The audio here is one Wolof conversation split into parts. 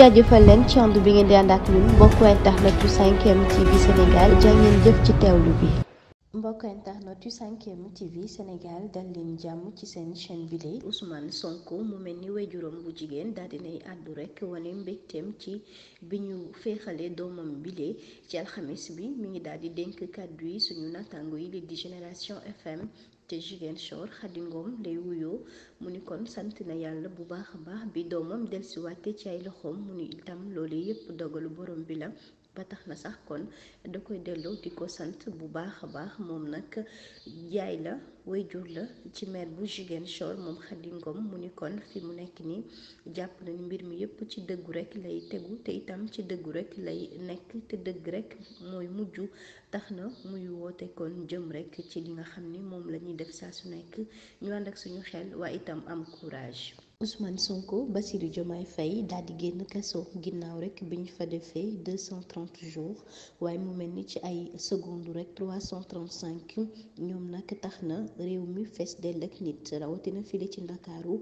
jaajëfal leen ci bi ngeen di ànd ak ñun mbokku internet yu 5M TV Sénégal jàngeen jëf ci teewlu bi. mbokk internet yu 5M TV Sénégal dal leen jàmm ci seen chaîne bi lay Sonko mu mel ni waajuram bu jigéen daal dinay àddu rek wane mbégteem ci bi ñu féexalee doomam bile ci alxames bi mi ngi daal di dénk kàddu yi suñu nattaango yi li di Génération FM ca Ziguinchor Khady ngoom lay wuyoo mu ni kon sant na yàlla bu baax a baax bi doomam dellusiwaate ci ay loxoom mu ni itam loolu yépp dogalu borom bi la ba tax na sax kon da koy delloo di ko sant bu baax a baax moom nag jaay la wayjur la ci maire bu jigéen Ziguinchor moom Khady Ngom mu ni kon fi mu nekk nii jàpp na ni mbir mi yépp ci dëggu rekk lay tegu te itam ci dëggu rekk lay nekk te dëgg rekk mooy mujj tax na muy woote kon jëm rekk ci li nga xam def saa su ñu ànd ak suñu xel waaye itam am courage. Ousmane Sonko Bassirou Diomaye fay daal di génn kaso ginnaaw rek bi ñu fa defee 230 jours waaye mu mel ni ci ay seconde rek 335 ñoom nag tax na réew mi fees dell ak nit rawatina file ci ndakaaru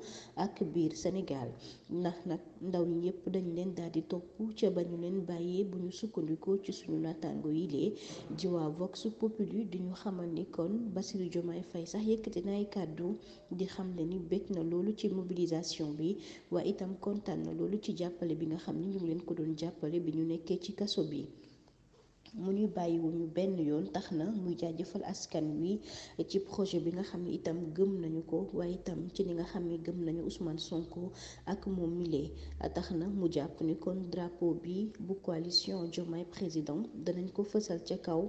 ak biir Sénégal ndax nag ndaw yi yëpp dañ leen daal di topp ca ba ñu leen bàyyee bu ñu sukkandikoo ci suñu naataango yi jiwaa di waa Vox Populi di ñu xamal ni kon Bassirou Diomaye fay sax yëkkati na ay kàddu di xam ni bég na loolu ci mobilisation association bi waaye itam kontaan na loolu ci jàppale bi nga xam ni ñu leen ko doon jàppale bi ñu nekkee ci kaso bi mu ñuy bàyyiwuñu benn yoon tax na muy jaajëfal askan wi ci projet bi nga xam ne itam gëm nañu ko waaye itam ci li nga xam ne gëm nañu Ousmane Sonko ak moom a tax na mu jàpp ni kon drapeau bi bu coalition Diomaye président danañ ko fësal ca kaw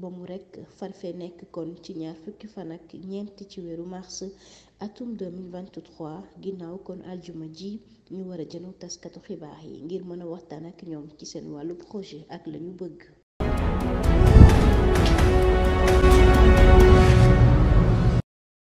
ba mu rek farfe nekk kon ci ñaar fukki fan ak ñeent ci weeru mars atum 2023 ginnaaw kon aljuma ji ñu war a jëno taskatu xibaar yi ngir mën a waxtaan ak ñoom ci seen wàllu projet ak la ñu bëgg